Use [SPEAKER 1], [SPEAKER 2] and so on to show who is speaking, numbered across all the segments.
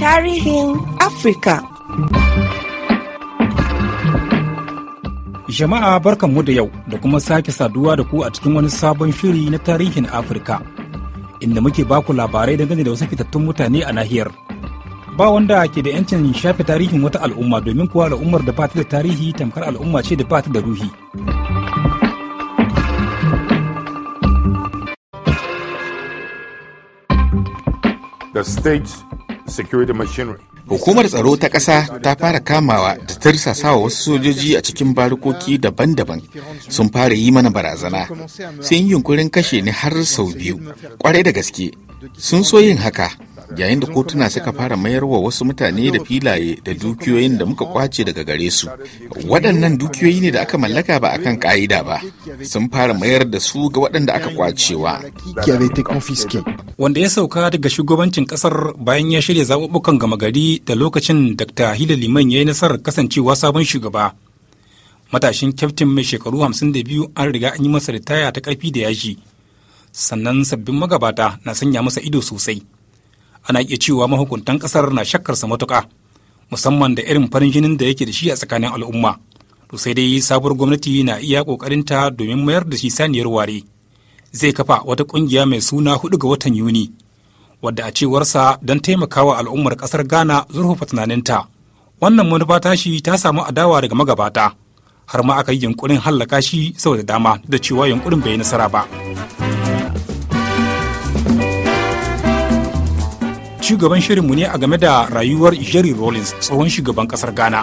[SPEAKER 1] Tarihin Afrika
[SPEAKER 2] Jama'a barkanmu da yau da kuma sake saduwa da ku a cikin wani sabon shiri na tarihin Afirka, inda muke baku labarai dangane da wasu fitattun mutane a nahiyar. Ba wanda ke da 'yancin shafe tarihin wata al'umma domin kuwa al'ummar da bata da tarihi tamkar al'umma ce da ba da ruhi. The state security machinery. Hukumar
[SPEAKER 3] tsaro ta ƙasa ta fara kamawa da wa wasu sojoji a cikin barukoki daban-daban sun fara yi mana barazana sun yi yunkurin kashe ni har sau biyu kwarai da gaske sun so yin haka yayin da kotuna suka fara mayar wa wasu mutane da filaye da dukiyoyin da muka kwace daga gare su waɗannan dukiyoyi ne da aka mallaka ba akan ka'ida ba sun
[SPEAKER 2] fara mayar da su ga waɗanda aka kwacewa wanda ya sauka daga shugabancin ƙasar bayan ya shirya zaɓuɓɓukan gama gari da lokacin dr hila liman ya yi nasarar kasancewa sabon shugaba matashin kyaftin mai shekaru hamsin da biyu an riga an yi masa ritaya ta ƙarfi da yaji sannan sabbin magabata na sanya masa ido sosai ana iya cewa mahukuntan kasar na shakkarsa matuka musamman da irin farin jinin da yake da shi a tsakanin al'umma to sai dai sabuwar gwamnati na iya ta domin mayar da shi saniyar ware zai kafa wata kungiya mai suna hudu ga watan yuni wadda a cewarsa don taimakawa al'ummar kasar ghana zurfafa tunaninta wannan manufa shi ta samu adawa daga magabata har ma aka yi yunkurin hallaka shi sau da dama da cewa yunkurin bai yi nasara ba. shugaban shirin mu ne a game da rayuwar Jerry rollins tsohon shugaban kasar Ghana.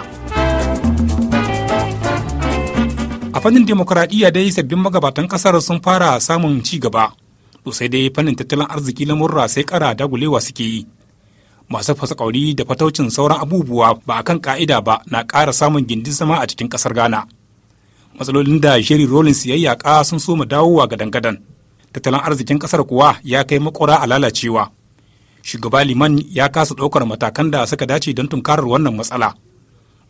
[SPEAKER 2] A fannin demokuraɗiyya dai sabbin magabatan kasar sun fara samun ci gaba, to dai fannin tattalin arziki lamurra sai kara dagulewa suke yi. Masu fasakauri da fataucin sauran abubuwa ba a kan ƙa'ida ba na ƙara samun gindin zama a cikin ƙasar Ghana. Matsalolin da Jerry rollins ya yaƙa sun so mu dawowa gadan-gadan. Tattalin arzikin ƙasar kuwa ya kai makura a lalacewa. shugaba liman ya kasa ɗaukar matakan da suka dace don tunkarar wannan matsala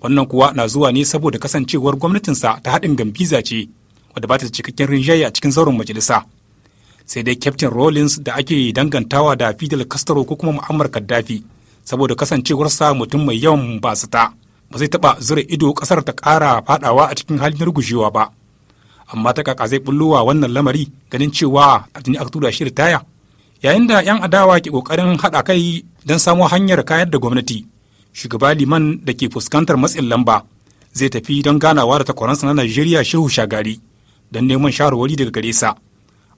[SPEAKER 2] wannan kuwa na zuwa ne saboda kasancewar gwamnatinsa ta haɗin gambiza ce wadda ba ta cikakken rinjaye a cikin zauren majalisa sai dai captain rollins da ake dangantawa da fidel castro ko kuma mu'ammar kaddafi saboda kasancewarsa mutum mai yawan basita ba zai taɓa zura ido ƙasar ta ƙara faɗawa a cikin halin rugujewa ba amma ta kaka zai bullowa wannan lamari ganin cewa a tuni a tura shi ritaya yayin da 'yan adawa ke kokarin haɗa kai don samo hanyar kayar da gwamnati shugaba liman da ke fuskantar matsin lamba zai tafi don ganawa da takwaransa na najeriya shehu shagari don neman shawarwari daga gare sa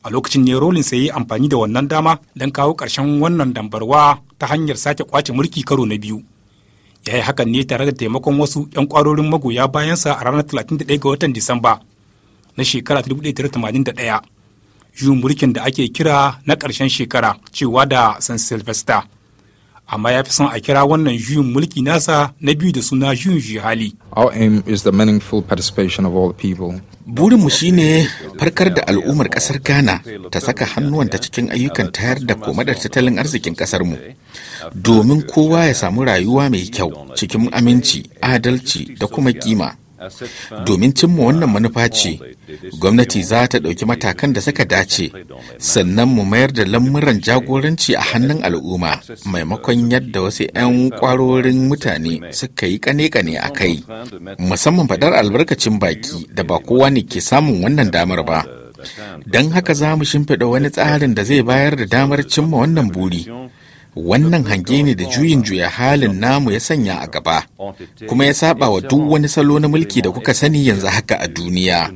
[SPEAKER 2] a lokacin ne rolin sai yi amfani da wannan dama don kawo ƙarshen wannan dambarwa ta hanyar sake kwace mulki karo na biyu ya yi hakan ne tare da taimakon wasu 'yan kwarorin magoya bayansa a ranar 31 ga watan disamba na shekara 1981 juyin mulkin da ake kira na ƙarshen shekara cewa da san sylvester amma ya fi son a kira wannan juyin mulki nasa na biyu da suna juyin jihali. Our aim is the meaningful participation of all people. Burinmu shine farkar
[SPEAKER 3] da al'ummar kasar Ghana ta saka hannuwanta cikin ayyukan tayar da komadar tattalin arzikin kasarmu. Domin kowa ya samu rayuwa mai kyau cikin aminci, adalci da kuma kima. Domin cimma wannan manufa ce, gwamnati za ta ɗauki matakan da suka dace, sannan mu mayar da lamuran jagoranci a hannun al'umma maimakon yadda wasu 'yan kwarorin mutane suka yi kane-kane a kai, musamman faɗar albarkacin baki da ba kowa ne ke samun wannan damar ba. Don haka za mu shimfiɗa wani tsarin da zai bayar da damar cimma wannan buri. wannan hange ne da juyin juya halin namu ya sanya a gaba kuma ya saba wa duk wani salo na mulki da kuka sani yanzu haka a duniya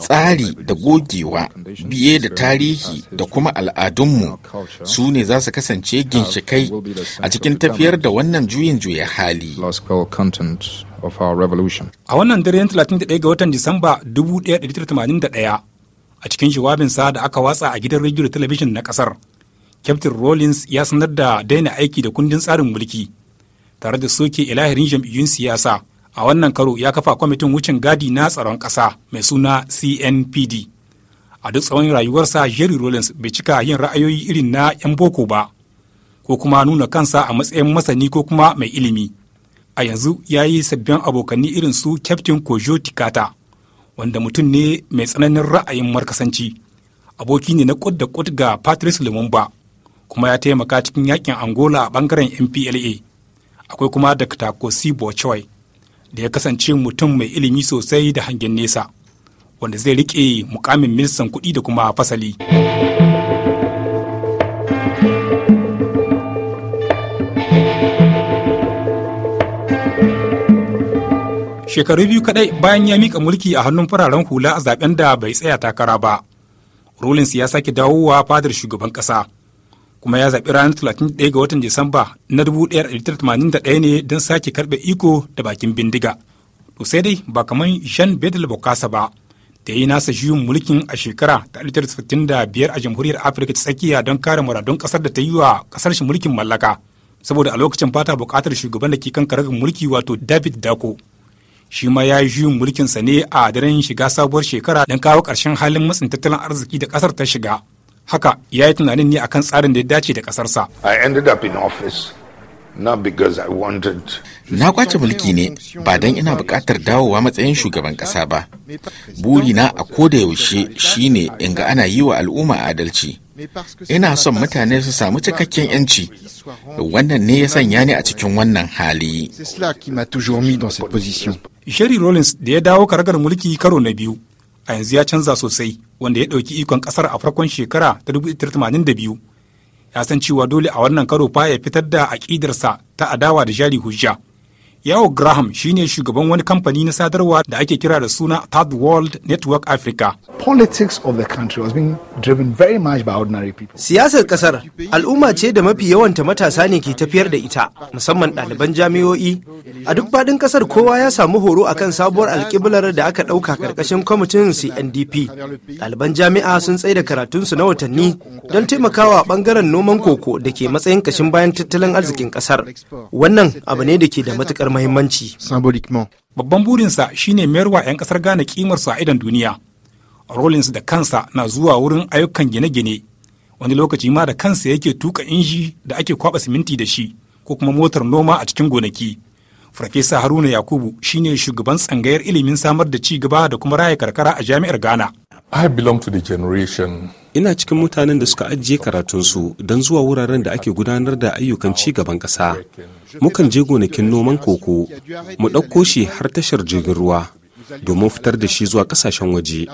[SPEAKER 3] tsari da gogewa biye da tarihi da kuma al'adunmu su ne za su kasance ginshikai a cikin tafiyar
[SPEAKER 2] da wannan juyin juya hali a wannan dare 31 ga watan disamba 1981 a cikin jawabinsa da aka watsa a gidan rediyo da talabijin na kasar kyaftin Rawlings ya sanar da daina aiki da kundin tsarin mulki tare da soke ilahirin jam'iyyun siyasa a wannan karo ya kafa kwamitin wucin gadi na tsaron ƙasa mai suna CNPD. A duk tsawon rayuwarsa Jerry Rawlings bai cika yin ra'ayoyi irin na 'yan boko ba ko kuma nuna kansa a matsayin masani ko kuma mai ilimi. A yanzu ya yi sabbin abokanni irin su kyaftin Kojo Tikata wanda mutum ne mai tsananin ra'ayin markasanci. Aboki ne na kud da kud ga Patrice Lumumba kuma ya taimaka cikin yakin angola a bangaren mpla akwai kuma da katakosi bochoi da ya kasance mutum mai ilimi sosai da hangen nesa wanda zai rike mukamin ministan kuɗi da kuma fasali shekaru biyu kaɗai bayan ya mika mulki a hannun fararen hula a zaben da bai tsaya takara ba rollins ya sake dawowa fadar shugaban ƙasa. kuma ya zaɓi ranar 31 ga watan Disamba na 1981 ne don sake karɓe iko da bakin bindiga. To sai dai ba kamar Jean Bedel Bokasa ba, da yi nasa juyin mulkin a shekara ta 1965 a jamhuriyar Afirka ta tsakiya don kare muradun ƙasar da ta yi wa ƙasar shi mulkin mallaka. Saboda a lokacin fata buƙatar shugaban da ke kan karagar mulki wato David Dako. shi ma ya yi juyin mulkinsa ne a daren shiga sabuwar shekara don kawo ƙarshen halin matsin tattalin arziki da ƙasar ta shiga. haka ya yi tunanin ne akan tsarin da ya dace da ƙasarsa. I ended
[SPEAKER 3] up in office not because I wanted. Na kwace mulki ne ba don ina buƙatar dawowa matsayin shugaban ƙasa ba. Burina a koda yaushe ne in ga ana yi wa al'umma adalci. Ina son mutane su samu cikakken yanci.
[SPEAKER 2] Wannan ne ya sanya ni a cikin wannan
[SPEAKER 3] hali.
[SPEAKER 2] Sherry Rollins da ya dawo karagar mulki karo na biyu, a yanzu ya canza sosai. wanda ya ɗauki ikon ƙasar a farkon shekara ta 1982 ya san cewa dole a wannan karo fa ya fitar da aƙidarsa ta adawa da jari hujja yawo Graham shine shugaban wani kamfani na sadarwa da ake kira da suna Third World Network Africa. Politics of the
[SPEAKER 4] Siyasar kasar al'umma ce da mafi yawanta matasa ne ke tafiyar da ita, musamman ɗaliban jami'o'i. A duk faɗin kasar kowa ya samu horo akan sabuwar alƙiblar da aka ɗauka karkashin kwamitin CNDP. Ɗaliban jami'a sun karatun karatunsu na watanni don taimakawa ɓangaren noman koko da ke matsayin kashin bayan tattalin arzikin kasar. Wannan abu ne da ke da matuƙar mahimmanci.
[SPEAKER 2] Babban burinsa shine mayarwa 'yan kasar Ghana kimarsu a idon duniya. Rollins da kansa na zuwa wurin ayyukan gine-gine, wani lokaci ma da kansa yake tuka inji da ake kwaba siminti da shi, ko kuma motar noma a cikin gonaki. Farfesa Haruna Yakubu shine shugaban tsangayar ilimin samar da ci gaba da kuma raya karkara a jami'ar Ghana. I belong to the generation ina cikin mutanen da suka ajiye karatunsu don zuwa wuraren da ake gudanar
[SPEAKER 5] da ayyukan ci gaban ƙasa mukan je gonakin noman koko mu ɗauko shi har tashar jirgin ruwa domin fitar da shi zuwa ƙasashen waje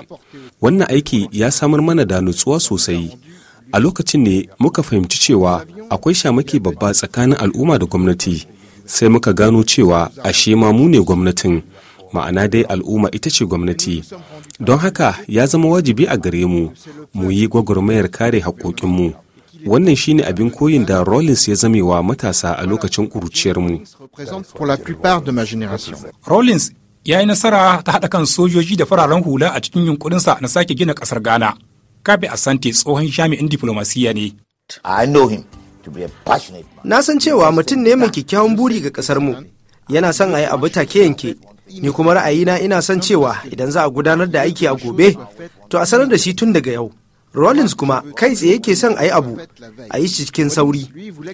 [SPEAKER 5] wannan aiki ya samar mana da nutsuwa sosai a lokacin ne muka fahimci cewa akwai shamaki babba tsakanin al'umma da gwamnati sai muka gano cewa ashe ma mu ne gwamnatin ma'ana dai al'umma ita ce gwamnati don haka ya zama wajibi a gare mu mu yi gwagwarmayar kare mu wannan shine abin koyin da rollins ya zamewa matasa a lokacin ƙuruciyarmu
[SPEAKER 2] rollins ya yi nasara ta haɗa kan sojoji da fararen hula a cikin yunkurinsa na sake gina ƙasar ghana a asante tsohon jami'in diflomasiyya ne
[SPEAKER 4] na san cewa mutum ne mai kyakkyawan buri ga ƙasarmu yana son a yi abu take yanke ni kuma ra'ayina ina son cewa idan za a gudanar da aiki a gobe to a sanar da shi tun daga yau Rollins kuma kai tsaye yake son a yi abu a yi shi cikin sauri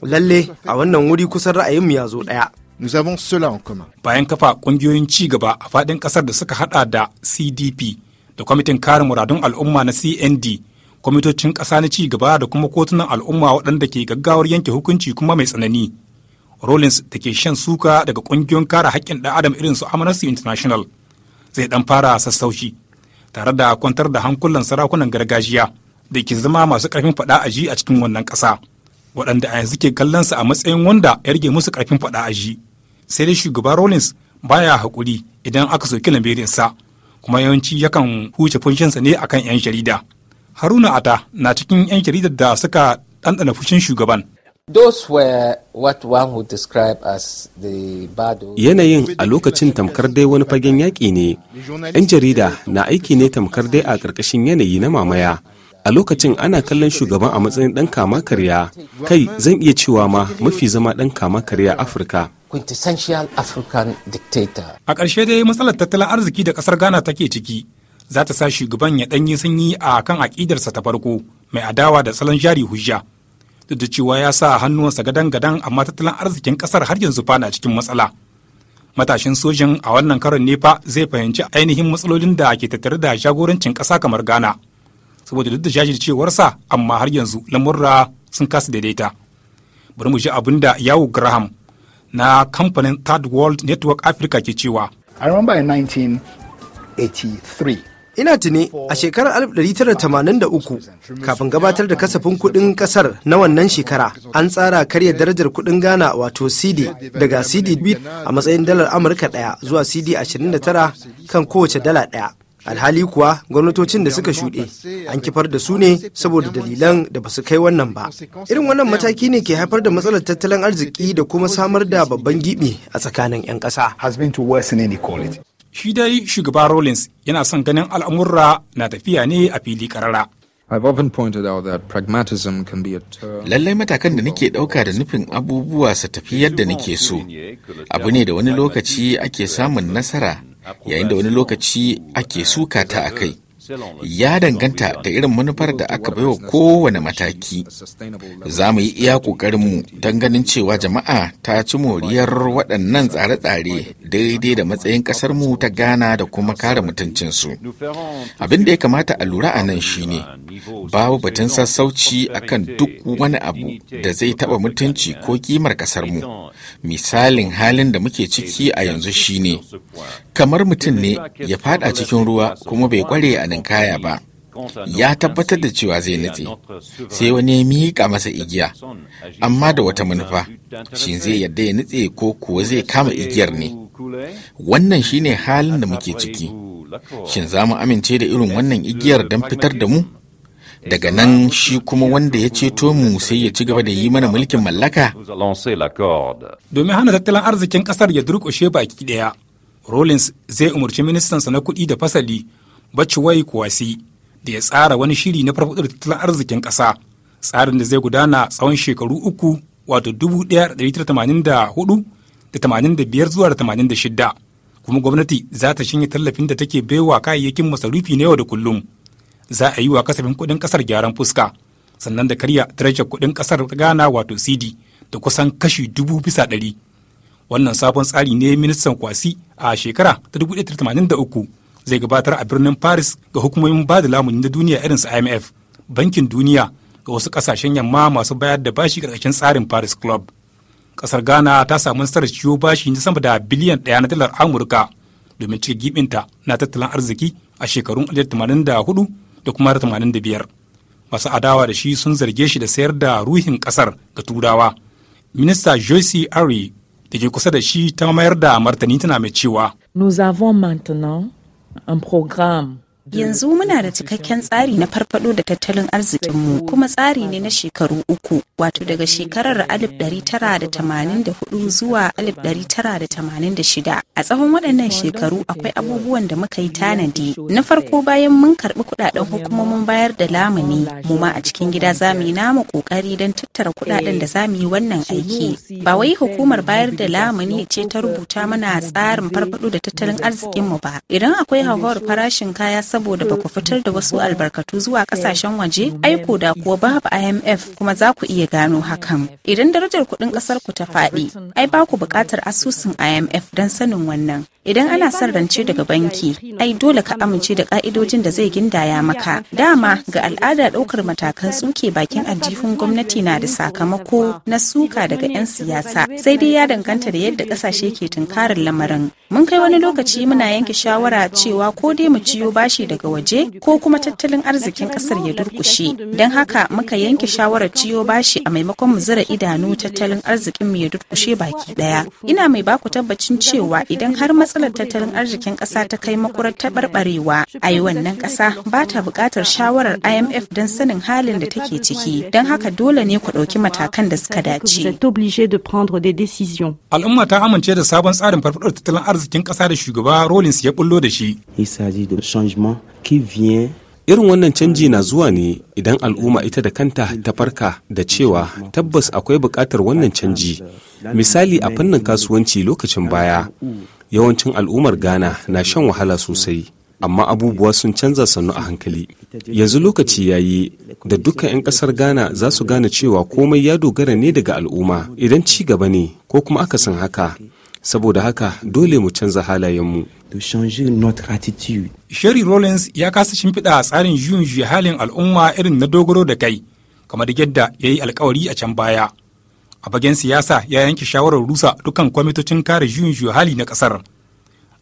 [SPEAKER 4] lalle a wannan wuri kusan ra'ayinmu ya zo ɗaya.
[SPEAKER 2] Bayan kafa ƙungiyoyin ci gaba a fadin kasar da suka hada da CDP da Kwamitin Kare Muradun Al'umma na CND, kwamitocin kasa na ci gaba da kuma kotunan al'umma waɗanda ke gaggawar yanke hukunci kuma mai tsanani. Rollins da ke shan suka daga ƙungiyoyin kare haƙƙin ɗan adam irin su Amnesty International zai ɗan fara sassauci tare da kwantar da hankulan sarakunan gargajiya da ke zama masu ƙarfin faɗa a ji a cikin wannan ƙasa waɗanda a yanzu ke kallon sa a matsayin wanda ya rage musu ƙarfin faɗa a ji sai dai shugaba Rollins baya haƙuri idan aka soki lamirinsa kuma yawanci yakan huce fushinsa ne akan 'yan jarida. Haruna Ata na cikin 'yan jaridar da suka ɗanɗana fushin shugaban Yanayin a lokacin tamkar
[SPEAKER 5] dai wani fagen yaƙi ne, ‘yan jarida na aiki ne tamkar dai a ƙarƙashin yanayi na mamaya. A lokacin ana kallon shugaban a matsayin ɗan kama karya, kai zan iya cewa ma mafi zama ɗan kama karya Afirka.
[SPEAKER 2] A ƙarshe dai matsalar tattalin arziki da ƙasar Ghana take ciki, za ta sa shugaban ya ɗanyi sanyi a kan aƙidarsa ta farko mai adawa da salon jari hujja. duk da cewa ya sa hannuwansa gadan-gadan amma tattalin arzikin kasar har yanzu fa na cikin matsala matashin sojin a wannan karon ne fa zai fahimci ainihin matsalolin da ke tattare da jagorancin ƙasa kamar ghana saboda duk da jajircewarsa amma har yanzu lamurra sun kasa daidaita bari mu ji abin da yawo graham na kamfanin third world network africa ke cewa
[SPEAKER 4] i remember in 1983 Ina tuni a shekarar 1983 kafin gabatar da kasafin kuɗin ƙasar na wannan shekara an tsara karya darajar kuɗin gana wato CD daga CD bit a matsayin dalar Amurka ɗaya zuwa CD 29 kan kowace dala ɗaya. alhali kuwa gwamnatocin da suka shuɗe an kifar da su ne saboda dalilan da ba su kai wannan ba irin wannan mataki ne ke haifar da matsalar tattalin arziki da kuma samar da babban gibi a tsakanin 'yan ƙasa
[SPEAKER 2] Shi dai shugaba Rawlings yana son ganin al'amurra na tafiya ne a fili karara. Lallai matakan da nake ɗauka da nufin
[SPEAKER 3] abubuwa su tafi yadda nake so, abu ne da wani lokaci ake samun nasara yayin da wani lokaci ake suka ta a kai. ya danganta da irin manufar da aka baiwa kowane mataki za mu yi iya ƙoƙarinmu don ganin cewa jama'a ta ci moriyar waɗannan tsare-tsare daidai da matsayin ƙasarmu ta gana da kuma kare mutuncinsu abin da ya kamata a lura a nan shine babu batun sassauci akan duk wani abu da zai taɓa mutunci ko kimar ƙasarmu misalin halin da muke ciki a yanzu shine kamar mutum ne ya faɗa cikin ruwa kuma bai kware a nan kaya ba ya tabbatar da cewa zai nutse sai wani ya miƙa masa igiya amma da wata manufa shi zai yadda ya nutse ko kuwa zai kama igiyar ne wannan shine halin da muke ciki shin za mu amince da irin wannan igiyar don fitar da mu
[SPEAKER 2] daga nan shi kuma wanda ya ceto mu sai ya ci gaba da yi mana mulkin mallaka domin hana tattalin arzikin kasar ya durkushe baki ɗaya rollins zai umarci ministansa na kuɗi da fasali Bachiwai kwasi da ya tsara wani shiri na farfaɗar tattalin arzikin ƙasa tsarin da zai gudana tsawon shekaru uku wato 1984 da 85 zuwa 86 kuma gwamnati za ta shanye tallafin da take baiwa kayayyakin masarufi na yau da kullum za a yi wa kasafin kuɗin ƙasar gyaran fuska sannan da karya darajar kuɗin ƙasar gana wato cd da kusan kashi dubu bisa ɗari wannan sabon tsari ne ministan kwasi a shekara ta 1983 zai gabatar a birnin paris ga hukumomin ba da lamuni na duniya irin su imf bankin duniya ga wasu kasashen yamma masu bayar da bashi karkashin tsarin paris club kasar ghana ta samu nasarar ciwo bashi na sama da biliyan ɗaya na dalar amurka domin cike gibinta na tattalin arziki a shekarun 1984 da kuma 85 masu adawa da shi sun zarge shi da sayar da ruhin kasar ga turawa minista joyce ari da ke kusa da shi ta mayar da martani tana mai cewa
[SPEAKER 1] nous avons maintenant un programme Yanzu muna da cikakken tsari na farfado da tattalin arzikinmu kuma tsari ne na shekaru uku wato daga shekarar 1984 zuwa 1986. A tsawon waɗannan shekaru akwai abubuwan da muka yi tanadi. Na farko bayan mun karɓi kuɗaɗen hukumomin bayar da lamuni, mu ma a cikin gida za mu yi namu ƙoƙari don tattara kuɗaɗen da za mu yi wannan aiki. Ba wai hukumar bayar da lamuni ce ta rubuta mana tsarin farfado da tattalin arzikinmu ba. Idan akwai hauhawar farashin kaya saboda ba ku fitar da wasu albarkatu zuwa kasashen waje aiko da kuwa babu IMF kuma za ku iya gano hakan. Idan darajar kuɗin ƙasar ku ta faɗi, ai ba ku buƙatar asusun IMF don sanin wannan. Idan ana son rance daga banki, ai dole ka amince da ƙa'idojin da zai gindaya maka. Dama ga al'ada ɗaukar matakan tsuke bakin aljihun gwamnati na da sakamako na suka daga 'yan siyasa, sai dai ya danganta da yadda ƙasashe ke tunkarar lamarin. Mun kai wani lokaci muna yanke shawara cewa ko dai mu ciyo bashi daga waje ko kuma tattalin arzikin kasar ya durkushe don haka muka yanke shawarar ciyo bashi a maimakon mu zira idanu tattalin arzikin mu ya durkushe baki daya ina mai baku tabbacin cewa idan har matsalar tattalin arzikin kasa ta kai makurar taɓarɓarewa a yi wannan kasa ba ta buƙatar shawarar imf don sanin halin da take ciki don haka dole ne ku ɗauki matakan da suka dace
[SPEAKER 2] al'umma ta amince da sabon tsarin farfadar tattalin arzikin kasa da shugaba rollins ya bullo da shi Irin wannan canji na
[SPEAKER 5] zuwa ne idan al'umma ita da kanta ta farka da cewa tabbas akwai buƙatar wannan canji. Misali a fannin kasuwanci lokacin baya, yawancin al'ummar Ghana na shan wahala sosai, amma abubuwa sun canza sannu a hankali. Yanzu lokaci ya yi da dukkan 'yan ƙasar Ghana za su gane cewa komai ya dogara ne daga al'umma idan ci gaba ne ko kuma akasin haka. saboda haka dole mu canza halayenmu.
[SPEAKER 2] Sherry Rollins ya kasa shimfiɗa tsarin juyin juya halin al'umma irin na dogaro da kai, kamar yadda ya yi alkawari a can baya. A bagen siyasa ya yanke shawarar rusa dukkan kwamitocin kare juyin juya hali na ƙasar.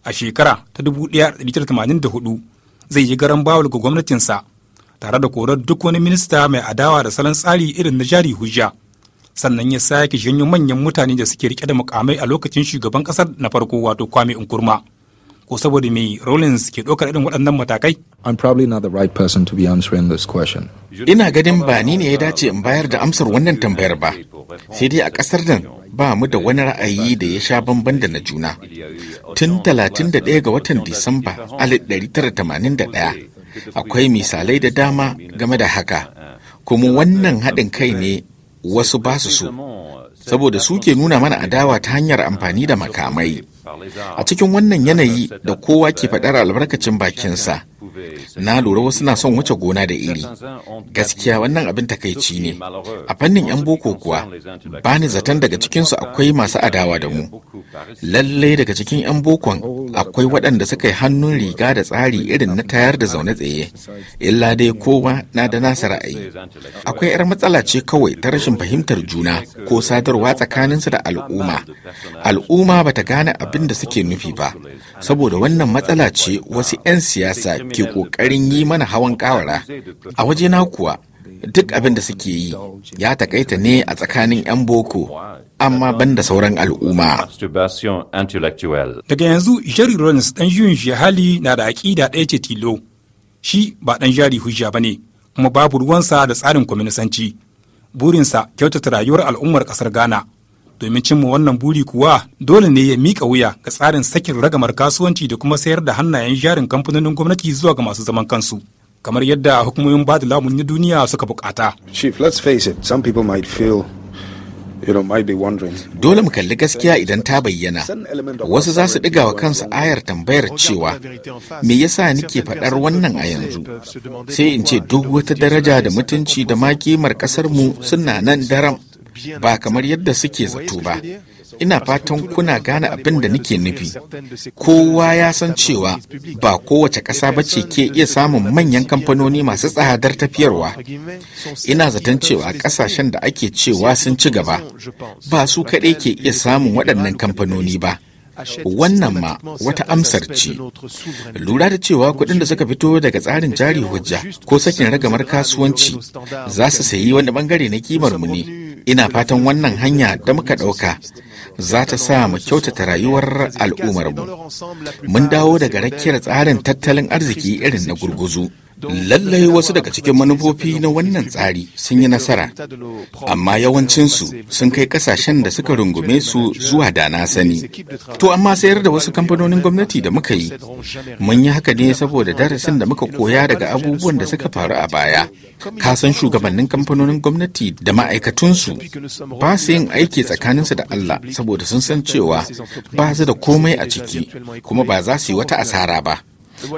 [SPEAKER 2] A shekara ta 1984 zai yi garan bawul ga gwamnatinsa, tare da korar duk wani minista mai adawa da salon tsari irin na jari hujja. sannan ya sake janyo manyan mutane da suke rike da mukamai a lokacin shugaban kasar na farko wato kwame nkurma ko saboda me rollins ke ɗaukar irin waɗannan matakai? I'm probably not the right person to be answering this
[SPEAKER 3] question. Ina ganin ba ni ne ya dace in bayar da amsar wannan tambayar ba. Sai dai a ƙasar nan ba mu da wani ra'ayi da ya sha bamban da na juna. Tun 31 ga watan Disamba 1981 akwai misalai da dama game da haka. Kuma wannan haɗin kai ne wasu ba su so saboda su ke nuna mana adawa ta hanyar amfani da makamai a cikin wannan yanayi da kowa ke faɗar albarkacin bakinsa na lura wasu na son wace gona da iri gaskiya wannan abin takaici ne a fannin 'yan boko kuwa ba ni zaton daga cikinsu akwai masu adawa da mu lallai daga cikin 'yan bokon akwai waɗanda suka yi hannun riga da tsari irin na tayar da zaune tsaye illa dai kowa na da nasa ra'ayi akwai 'yar matsala ce kawai ta rashin fahimtar juna ko sadarwa tsakaninsu da al'umma al'umma bata gane abin da suke nufi ba saboda wannan matsala ce wasu 'yan siyasa ke ƙoƙari. ƙoƙarin yi mana hawan ƙawara a waje na kuwa duk abin da suke yi ya takaita ne a tsakanin 'yan boko amma ban da sauran al'umma.
[SPEAKER 2] Daga yanzu Jerry Rollins ɗan juyin hali na da aƙida ɗaya ce tilo. Shi ba ɗan jari hujja ba ne, kuma babu ruwansa da tsarin kwaminisanci. Burinsa kyautata rayuwar al'ummar ƙasar Ghana domin cimma wannan buri kuwa dole ne ya mika wuya ga tsarin sakin ragamar kasuwanci da kuma sayar da hannayen jarin kamfanonin gwamnati zuwa ga masu zaman kansu kamar yadda hukumomin da lamuni na duniya suka bukata. Chief,
[SPEAKER 3] Dole mu kalli gaskiya idan ta bayyana.
[SPEAKER 5] Wasu za su ɗiga wa kansu
[SPEAKER 3] ayar tambayar cewa, me yasa nike faɗar wannan a yanzu? Sai in ce duk wata daraja da mutunci da makimar kimar ƙasarmu suna nan daram. ba kamar yadda suke zato ba ina fatan kuna gane abin da nake nufi kowa ya san cewa ba kowace ƙasa ba ce ke iya samun manyan kamfanoni masu tsadar tafiyarwa ina zaton cewa ƙasashen da ake cewa sun ci gaba ba su kaɗai ke iya samun waɗannan kamfanoni ba wannan ma wata amsar ce lura da cewa kuɗin da suka fito daga tsarin jari hujja ko sakin ragamar kasuwanci za su sayi wani bangare na kimar mu ne ina fatan wannan hanya da muka ɗauka za ta sa mu kyautata rayuwar al'ummarmu mun dawo daga rakkiyar tsarin tattalin arziki irin na gurguzu Lallai wasu daga cikin manufofi na wannan tsari sun yi nasara, amma yawancinsu sun kai kasashen da suka rungume su zuwa da na sani. To amma sayar da wasu kamfanonin gwamnati da muka yi, mun yi haka ne saboda darasin da muka koya daga abubuwan da suka faru a baya. ka san shugabannin kamfanonin gwamnati da ma'aikatunsu ba su yin aiki tsakaninsu da Allah saboda sun san cewa ba su da komai a ciki, kuma ba za su yi wata asara ba.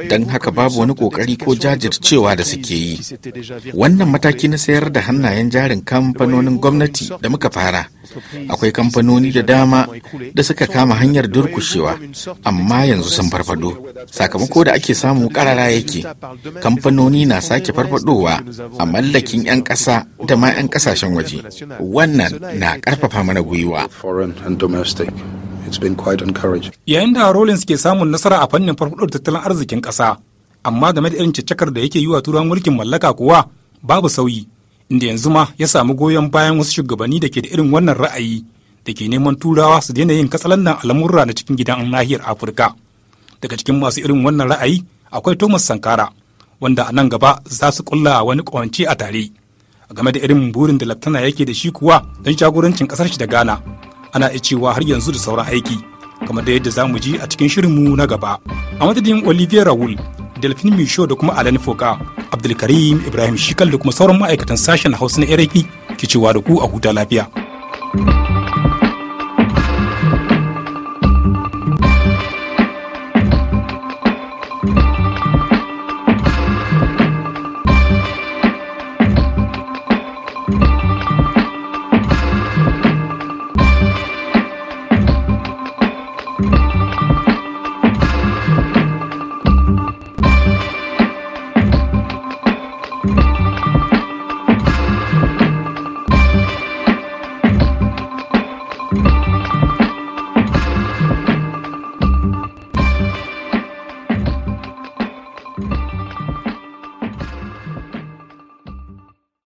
[SPEAKER 3] don haka babu wani kokari ko jajircewa da suke yi wannan mataki na sayar da hannayen jarin kamfanonin gwamnati da muka fara akwai kamfanoni da dama da suka kama hanyar durkushewa amma yanzu sun farfado sakamako da ake samu karara yake kamfanoni na sake farfadowa a mallakin 'yan ƙasa da ma 'yan ƙasashen waje wannan na ƙarfafa mana
[SPEAKER 2] gwiwa it's been quite encouraging. Yayin da Rollins ke samun nasara a fannin farfadar tattalin arzikin ƙasa, amma game da irin cikakkar da yake yi wa turan mulkin mallaka kuwa babu sauyi, inda yanzu ma ya samu goyon bayan wasu shugabanni da ke da irin wannan ra'ayi da ke neman turawa su daina yin katsalandan al'amurra na cikin gidan nahiyar Afirka. Daga cikin masu irin wannan ra'ayi akwai Thomas Sankara, wanda a nan gaba za su kulla wani kwanci a tare. game da irin burin da laftana yake da shi kuwa don shagorancin kasar shi da ghana ana iya cewa har yanzu da sauran aiki kamar da yadda zamu ji a cikin shirin mu na gaba a madadin olivier raul delphine micho da kuma alan foka abdulkarim ibrahim shikal da kuma sauran ma'aikatan sashen hausa na rfi ke cewa da ku a huta lafiya.